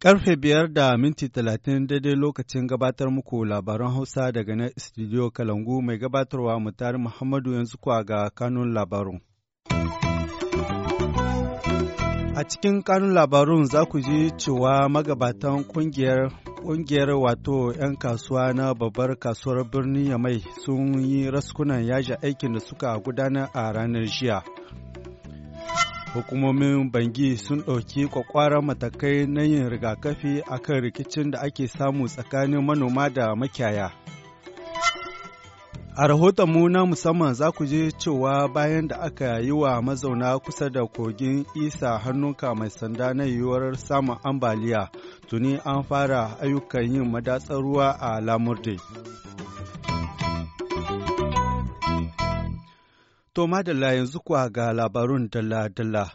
Karfe biyar da minti talatin daidai lokacin gabatar muku labaran Hausa daga na studio Kalangu mai gabatarwa mutari Muhammadu yanzu kwa ga kanun labarun. cikin kanun labarun za ku ji cewa magabatan kungiyar kungiyar wato 'yan kasuwa na babbar kasuwar birnin Yamai sun yi raskunan yaji aikin da suka gudana a ranar jiya. Hukumomin Bangi sun ɗauki kwakwaran matakai na yin rigakafi akan rikicin da ake samu tsakanin manoma da makiyaya. A rahoton mu na musamman za ku je cewa bayan da aka yi wa mazauna kusa da kogin isa hannunka mai sanda na yiwuwar samun ambaliya tuni an fara ayyukan yin madatsar ruwa a lamurde. To madalla yanzu kuwa ga labarun dala-dala.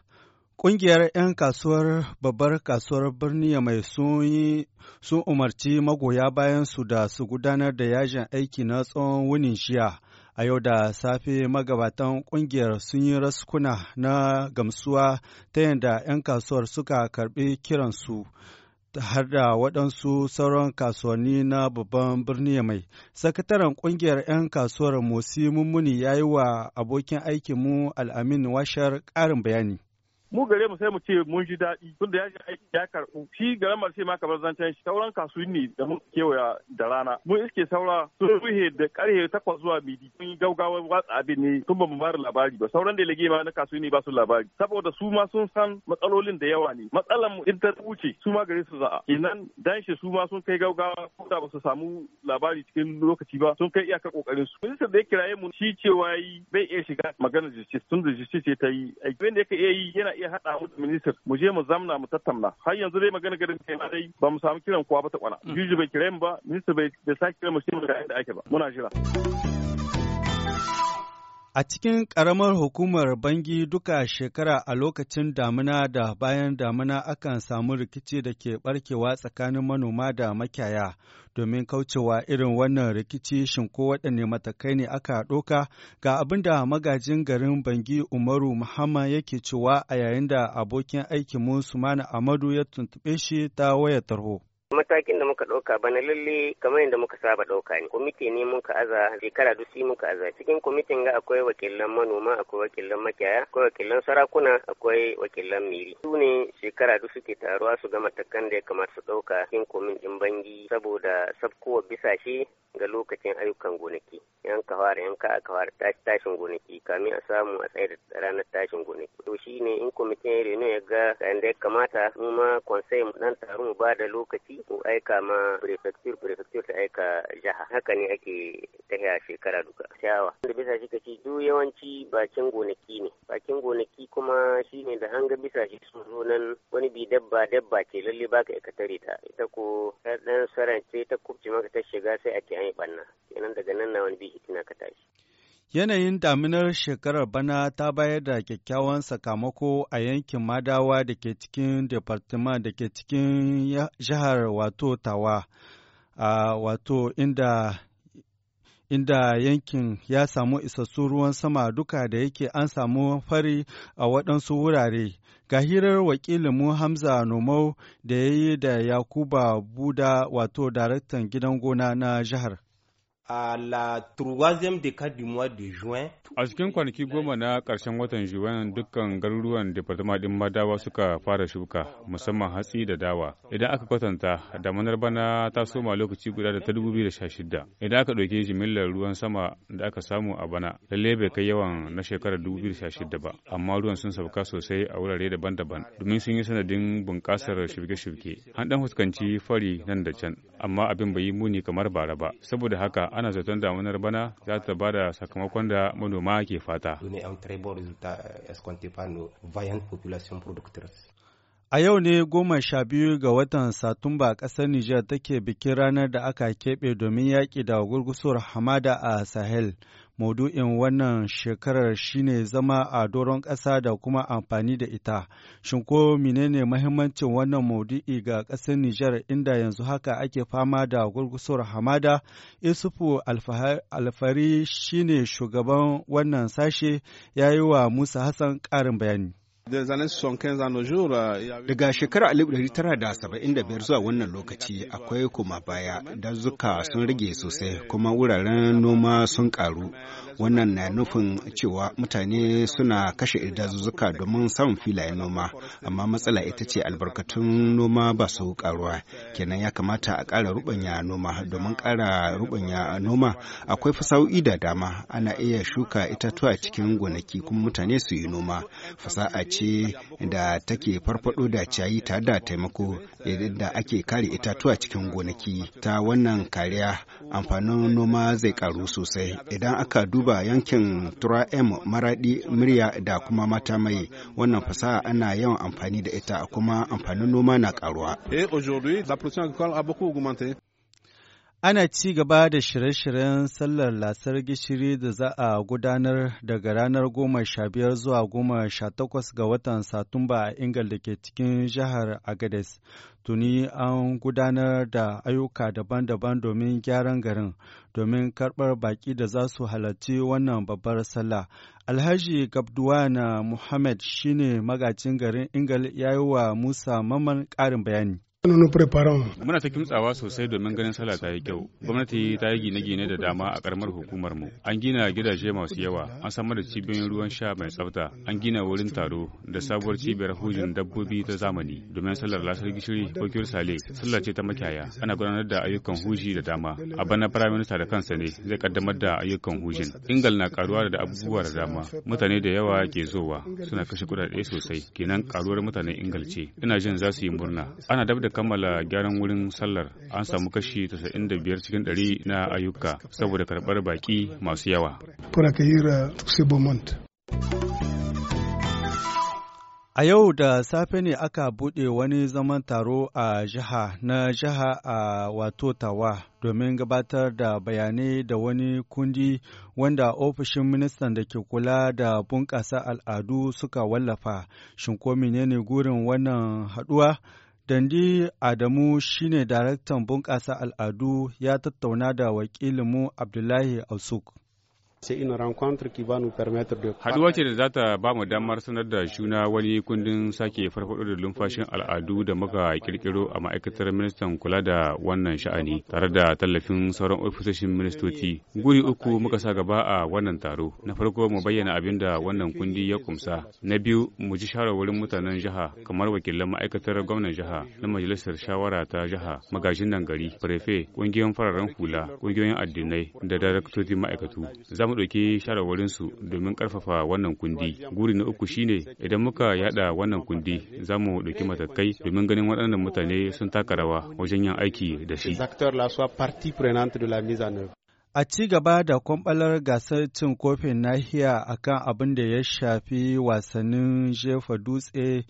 Ƙungiyar 'yan kasuwar babbar kasuwar birni mai sun umarci magoya bayan su da su gudanar da yajin aiki na tsawon wunin jiya. A yau da safe magabatan ƙungiyar sun yi raskuna na gamsuwa ta yadda 'yan kasuwar suka karɓi kiransu. har da waɗansu sauran kasuwanni na babban birni mai. Sakataren ƙungiyar 'yan kasuwar Musi Mummuni ya yi wa abokin aikinmu Al'amin Washar ƙarin bayani. mu gare mu sai mu ce mun ji daɗi tun da ya aiki ya karɓu shi garan sai ma kamar zancen shi sauran kasuwanni da mun kewaya da rana mun iske saura sun ruhe da karhe takwas zuwa midi sun yi gaugawa watsa abin ne tun ba mu bari labari ba sauran da lege ma na kasuwanni ba su labari saboda su ma sun san matsalolin da yawa ne matsalan mu in ta wuce su ma gare su za'a kenan dan shi su ma sun kai gaugawa ko da ba su samu labari cikin lokaci ba sun kai iyakar kokarin su minista da ya kiraye mu shi cewa yi bai iya shiga maganar justice tun da justice ta yi abin da yake iya yi yana iya haɗa mu da minister mu je mu zamna mu tattauna har yanzu dai magana garin kai na dai ba mu samu kiran kowa ba ta kwana mm. juju bai kira mu ba minister bai sake kira mu shi mu ga ake ba muna jira. A cikin ƙaramar hukumar bangi duka shekara a lokacin damina da bayan damina akan samu rikici da ke ɓarkewa tsakanin manoma da makiyaya. Domin kaucewa irin wannan rikici shin ko waɗanne matakai ne aka ɗoka ga abin da magajin garin bangi Umaru Muhammad yake cewa a yayin da abokin aikinmu Sumana Amadu ya tuntuɓe shi ta wayar tarho. matakin da muka ɗauka bana lalle kamar yadda muka saba ɗauka ne kwamiti ne muka aza shekara duk mun muka aza cikin kwamitin ga akwai wakilan manoma akwai wakilan makiyaya akwai wakilan sarakuna akwai wakilan miri su ne shekara dusu suke taruwa su gama takan da ya kamata su ɗauka cikin kwamitin bangi saboda sabkowa bisashe ga lokacin ayyukan gonaki yan kawara yan ka kawar tashin gonaki kamin a samu a tsaye da ranar tashin gonaki to ne in kwamitin ya reno ya ga da ya kamata mu ma konsai mu dan taru mu ba da lokaci ko aika ma prefecture prefecture ta aika jiha haka ne ake ta ya shekara duka shawa da bisa shi kace duk yawanci bakin gonaki ne bakin gonaki kuma shine da hanga bisa shi su zo nan wani bi dabba dabba ce lalle baka ka tare ta ita ko ta dan ce ta kubce maka ta shiga sai ake yi banna kenan daga nan na wani bi hitina ka tashi Yanayin daminar shekarar bana ta bayar da kyakkyawan sakamako a yankin Madawa da ke cikin Departement da ke cikin jihar wato Tawa, a wato inda inda yankin ya samu isassun ruwan sama duka da yake an samu fari a waɗansu wurare. Ga hirar wakilinmu Hamza Nomau da ya yi da Yakuba Buda wato daraktan gidan gona na jihar. a la troisième décade du mois de juin. A cikin kwanaki goma na ƙarshen watan juin dukkan garuruwan departement din madawa suka fara shuka musamman hatsi da dawa. Idan aka kwatanta manar bana ta soma lokaci guda da ta 2016. Idan aka ɗauke jimillar ruwan sama da aka samu a bana lalle bai kai yawan na shekarar 2016 ba amma ruwan sun sauka sosai a wurare daban-daban domin sun yi sanadin bunƙasar shirke-shirke. An ɗan fuskanci fari nan da can amma abin bai yi muni kamar bara ba saboda haka ana zaton damunar bana za ta ba da sakamakon da manoma ke fata A yau ne goma sha biyu ga watan Satumba ƙasar Nijar take bikin ranar da aka keɓe domin yaƙi da gurgusuwar hamada a Sahel. Maudu'in wannan shekarar shine zama a doron ƙasa da kuma amfani da ita. Shin ko menene mahimmancin wannan maudu'i ga ƙasar Nijar inda yanzu haka ake fama da gurgusuwar hamada? Isufu Alfari shine shugaban wannan sashe ya yi wa Musa Hassan ƙarin bayani. Euh, Daga shekarar 1975 zuwa wannan lokaci akwai kuma baya dazuka sun rage sosai kuma wuraren noma sun karu. Wannan na nufin cewa mutane suna kashe dazuzzuka domin samun filayen noma, amma matsala ita ce albarkatun noma ba su karuwa. Kenan ya kamata a ƙara rubanya noma domin ƙara rubanya noma akwai fasa'o'i da dama ana iya shuka itatuwa cikin gonaki kuma mutane su yi noma. Fasa'a ce da take farfado da ciyayi tare da taimako idan da ake kare itatuwa cikin gonaki ta wannan kariya amfanin noma zai karu sosai idan aka duba yankin tura m maradi murya da kuma mata mai wannan fasaha ana yawan amfani da ita kuma amfanin noma na karuwa Ana ci gaba da shirye-shiryen sallar lasar gishiri da za a gudanar daga ranar goma sha biyar zuwa goma sha takwas ga watan Satumba a Ingal da ke cikin jihar Agades. Tuni an gudanar da ayyuka daban-daban domin gyaran garin, domin karɓar baƙi da za su halarci wannan babbar sallah. Alhaji Gabduwana Muhammad shine magacin garin Ingal ya yi wa Musa mamman ƙarin bayani. Muna ta kimtsawa sosai domin ganin sallah ta yi kyau. Gwamnati ta yi gine-gine da dama a karamar hukumar mu. An gina gidaje masu yawa, an samar da cibiyoyin ruwan sha mai tsafta, an gina wurin taro da sabuwar cibiyar hujin dabbobi ta zamani domin sallar lasar gishiri ko kiyar sale, sallah ce ta makiyaya. Ana gudanar da ayyukan huji da dama. A bana Prime Minister da kansa ne zai kaddamar da ayyukan hujin. Ingal na karuwa da abubuwa da dama. Mutane da yawa ke zowa suna kashe kuɗaɗe sosai. Kenan karuwar mutanen Ingal ce. Ina jin za su yi murna. Ana dab da kammala gyaran wurin sallar an samu kashi 95 cikin 100 na ayyuka saboda karɓar baƙi masu yawa. Euh, a yau da safe ne aka buɗe wani zaman taro a jiha na jiha a wato tawa domin gabatar da bayanai da wani kundi wanda ofishin ministan da ke kula da bunƙasa al'adu suka wallafa. Shin ko menene gurin wannan haɗuwa? Dandi Adamu shine daraktan bunƙasa al'adu ya tattauna da wakilinmu Abdullahi asuk Haduwa ce da za ta ba mu damar sanar da shuna wani kundin sake farfaɗo da lumfashin al'adu da muka kirkiro a ma'aikatar ministan kula da wannan sha'ani tare da tallafin sauran ofisoshin ministoci. Guri uku muka sa gaba a wannan taro. Na farko mu bayyana abin da wannan kundi ya kumsa. Na biyu mu ji shawarwarin mutanen jiha kamar wakilan ma'aikatar gwamnan jiha na majalisar shawara ta jiha magajin nan gari, prefe, ƙungiyoyin fararen hula, ƙungiyoyin addinai da daraktocin ma'aikatu. Za mu ɗauki shawarwarinsu domin ƙarfafa wannan kundi. Guri na uku shine idan muka yada wannan kundi za mu ɗauki matakai domin ganin waɗannan mutane sun taka rawa wajen yin aiki da shi. A ci gaba da kwamɓalar gasar cin kofin nahiya akan abin da ya shafi wasannin jefa dutse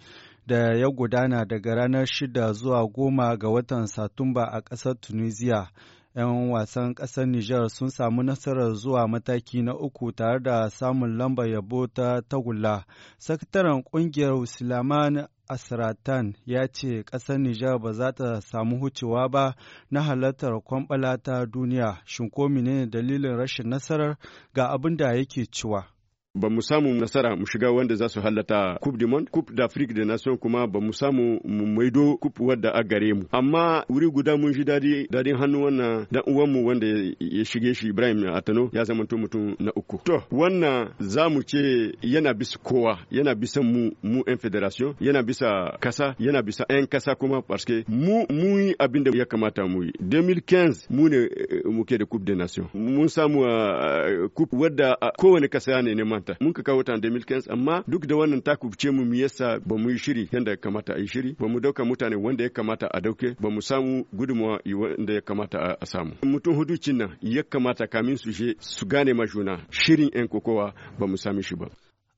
da ya gudana daga ranar 6 zuwa 10 ga watan Satumba a ƙasar Tunisia. 'yan wasan ƙasar Nijar sun samu nasarar zuwa mataki na uku tare da samun lambar yabo ta tagulla. Sakataren ƙungiyar Sulaiman Asratan ya ce ƙasar Nijar ba za ta samu hucewa ba na halartar kwamɓala ta duniya. Shin ko ne dalilin rashin nasarar ga abin da yake cewa? ba mu samu nasara mu shiga wanda za su hallata Coupe du Monde, Coupe d'Afrique da Nation kuma ba mu samu mu maido Coupe wadda a gare mu. Amma wuri guda mun shi dadi dadin hannu wannan dan uwanmu wanda ya shige shi Ibrahim Atano ya zama mutum na uku. To wannan za mu ce yana bisa kowa, yana bisa mu mu en federation, yana bisa kasa, yana bisa en kasa kuma parce que. mu mu yi abinda ya kamata mu yi. 2015 mu ne eh, eh, muke da Coupe de Nation. Mun samu ah, Coupe wadda kowane kasa ne neman makaranta mun ka kawo ta 2015 amma duk da wannan ta kubce mu mu yasa ba mu yi shiri yanda ya kamata a yi shiri ba mu dauka mutane wanda ya kamata a dauke ba mu samu gudumawa wanda ya kamata a samu mutum huducin nan ya kamata kamin su je su gane ma juna shirin yan kokowa ba mu sami shi ba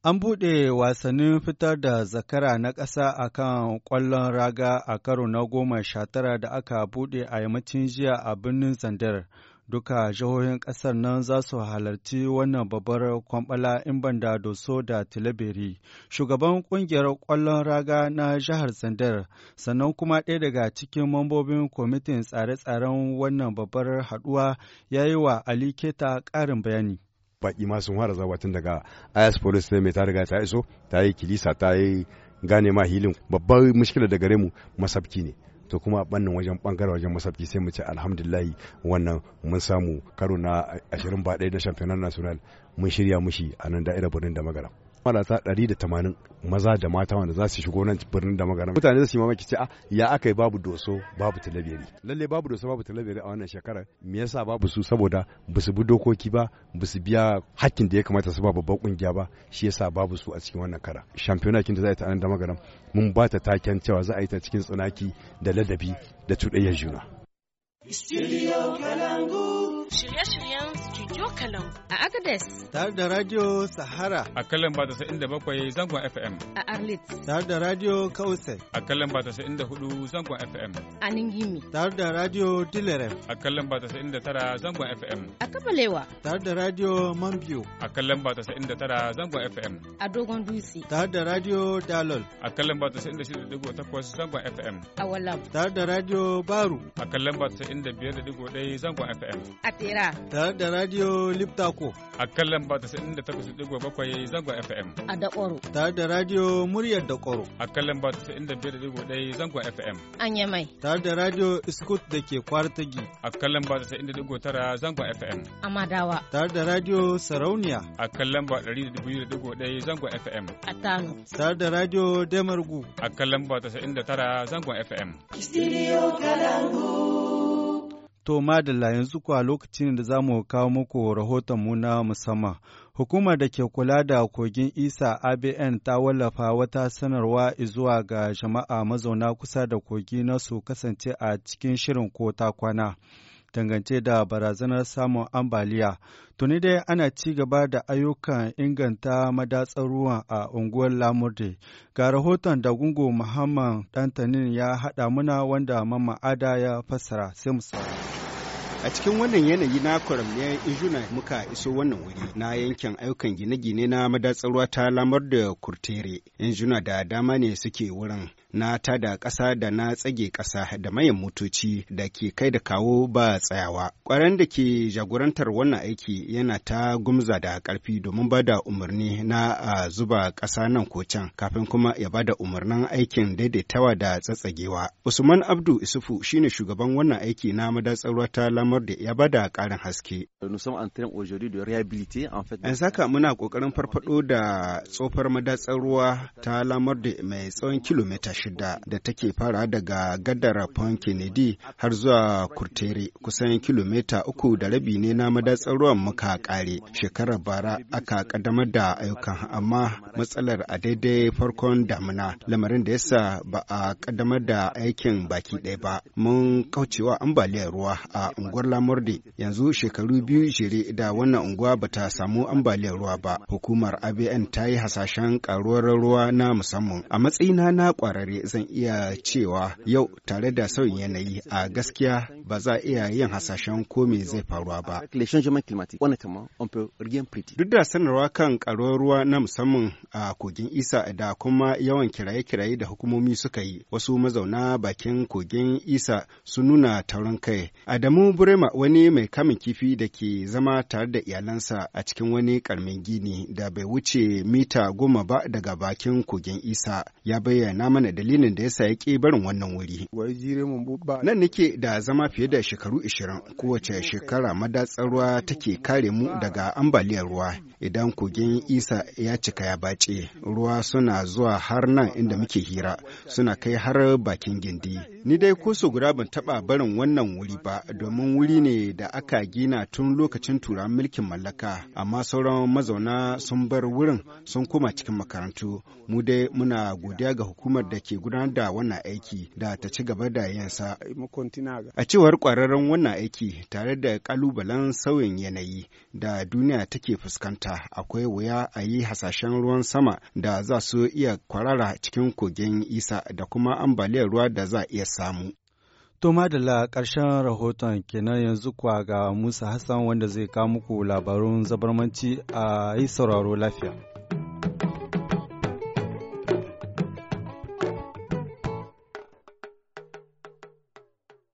An buɗe wasannin fitar da zakara na ƙasa a kan ƙwallon raga a karo na goma sha tara da aka buɗe a yammacin jiya a birnin Zandar. duka jihohin kasar nan za su halarci wannan babbar kwambala in ban da doso da tilaberi shugaban ƙungiyar kwallon raga na jihar zandar sannan kuma ɗaya daga cikin mambobin kwamitin tsare-tsaren wannan babbar haɗuwa ya yi wa ali keta ƙarin bayani baƙi ma sun fara tun daga ayas police ne mai ta riga ta iso ta yi kilisa ta yi gane ma hilin babbar mushkilar da gare mu masabki ne to kuma bannin wajen bangare wajen masabki sai mu ce alhamdulillahi wannan mun samu karo na ba 21 na championnat national mun shirya mushi a nan da'irar birnin da magaram marasa 180 maza da mata wanda za su shigo nan birnin da magana mutane za su yi mamaki ce a ah, ya aka yi babu doso babu talabiri lalle babu doso babu talabiri a wannan shekarar me yasa babu su saboda ba su bi dokoki ba ba su biya hakkin da ya kamata su ba babban kungiya ba shi yasa babu su a cikin wannan kara shampiyona kin da za a yi ta nan da magana mun ba ta taken cewa za a yi ta cikin tsanaki da ladabi da tudayyar juna. Studio Kalangu. Studio Kalam a Agadez. Tare da Radio Sahara. A kalan ba da bakwai zangon FM. A Arlit. Tare da Radio Kausai. A kalan ba da hudu zangon FM. A Ningimi. Tare da Radio Dilerem. A kalan ba da tara zangon FM. A Kabalewa. Tare da Radio Mambiyo. A kalan ba da tara zangon FM. A Dogon Dutse. Tare da Radio Dalol. A kalan ba inda shida digo takwas zangon FM. A Walab. Tare da Radio Baru. A kalan ba da biyar da digo ɗaya zangon FM. A Tera. Tare da Radio Radio Liptako. A kan lamba bakwai zango FM. A Dakoro. Tare da Radio Muryar Dakoro. A kan lamba 95.1 zango FM. An Yamai. Tare da Radio Iskut da ke Kwartagi. A kan lamba tara zango FM. A Madawa. Tare da Radio Sarauniya. A kan lamba 102.1 zango FM. A Tano. Tare da Radio Demargu. A kan lamba tara zango FM. Studio Kalangu. To madalla yanzu kuwa lokacin da za mu kawo muku rahoton rahotonmu na musamman. Hukumar da ke kula da kogin Isa ABN ta wallafa wata sanarwa zuwa ga jama'a mazauna kusa da kogi na su kasance a cikin shirin ko ta kwana. Dangance da barazanar samun ambaliya, tuni dai ana ci gaba da ayyukan inganta madatsar ruwa a unguwar Lamurde. Ga rahoton da gungu Muhammad Dantanin ya haɗa muna wanda Mamma Ada ya fassara sai mu a cikin wannan yanayi na kwaramiyar injuna muka iso wannan wuri na yankin ayyukan gine-gine na madatsarwa ta lamar da kurtere injuna da dama ne suke wurin na tada ƙasa da na tsage ƙasa da mayan motoci da ke kai da kawo ba tsayawa. Ƙwaren da ke jagorantar wannan aiki yana ta gumza da ƙarfi domin ba da umarni na a zuba ƙasa nan ko can kafin kuma ya ba da umarnin aikin daidaitawa da tsatsagewa. Usman Abdu Isufu shine shugaban wannan aiki na madatsar ruwa ta lamar da ya ba da ƙarin haske. An saka muna ƙoƙarin farfaɗo da tsofar madatsar ruwa ta lamar da mai tsawon kilomita shida da take fara daga gadar Pont Kennedy har zuwa Kurtere kusan kilomita uku da rabi ne na madatsar ruwan muka kare. Shekarar bara aka kaddamar da ayyukan amma matsalar a daidai farkon damuna. lamarin da yasa ba a kaddamar da aikin baki ɗaya ba. Mun kaucewa ambaliyar ruwa a unguwar Lamurde yanzu shekaru biyu jere da wannan unguwa bata samu ambaliyar ruwa ba. Hukumar ABN ta yi hasashen karuwar ruwa na musamman. A matsayina na kwararre zan iya cewa yau tare da sauyin yanayi a gaskiya ba za iya yin hasashen ko me zai faruwa ba. Duk da sanarwa kan karuwar ruwa na musamman a kogin Isa da kuma yawan kiraye-kiraye da hukumomi suka yi, wasu mazauna bakin kogin Isa sun nuna taurin kai. Adamu Burema wani mai kamun kifi da ke zama tare da iyalansa a cikin wani karmin gini da bai wuce mita goma ba daga bakin kogin Isa ya bayyana mana dalilin da yasa ya ƙi barin wannan wuri. Nan nake da zama fiye da shekaru 20 kowace shekara madatsar ruwa take kare mu daga ambaliyar ruwa. Idan kogin Isa ya cika ya bace, ruwa suna zuwa har nan inda muke hira, suna kai har bakin gindi. Ni dai kusa guda ban taɓa barin wannan wuri ba, domin wuri ne da aka gina tun lokacin turawan mulkin mallaka, amma sauran mazauna sun bar wurin sun koma cikin makarantu. Mu dai muna godiya ga hukumar da ke gudanar da wannan aiki da ta ci gaba da yansa. A cewar kwararren wannan aiki tare da kalubalen sauyin yanayi da duniya take fuskanta akwai wuya a yi hasashen ruwan sama da za su iya kwarara cikin kogin isa da kuma ambaliyar ruwa da za iya samu. To madalla ƙarshen rahoton kenan yanzu kuwa ga Musa Hassan wanda zai kawo muku labarun zabarmanci a yi sauraro lafiya.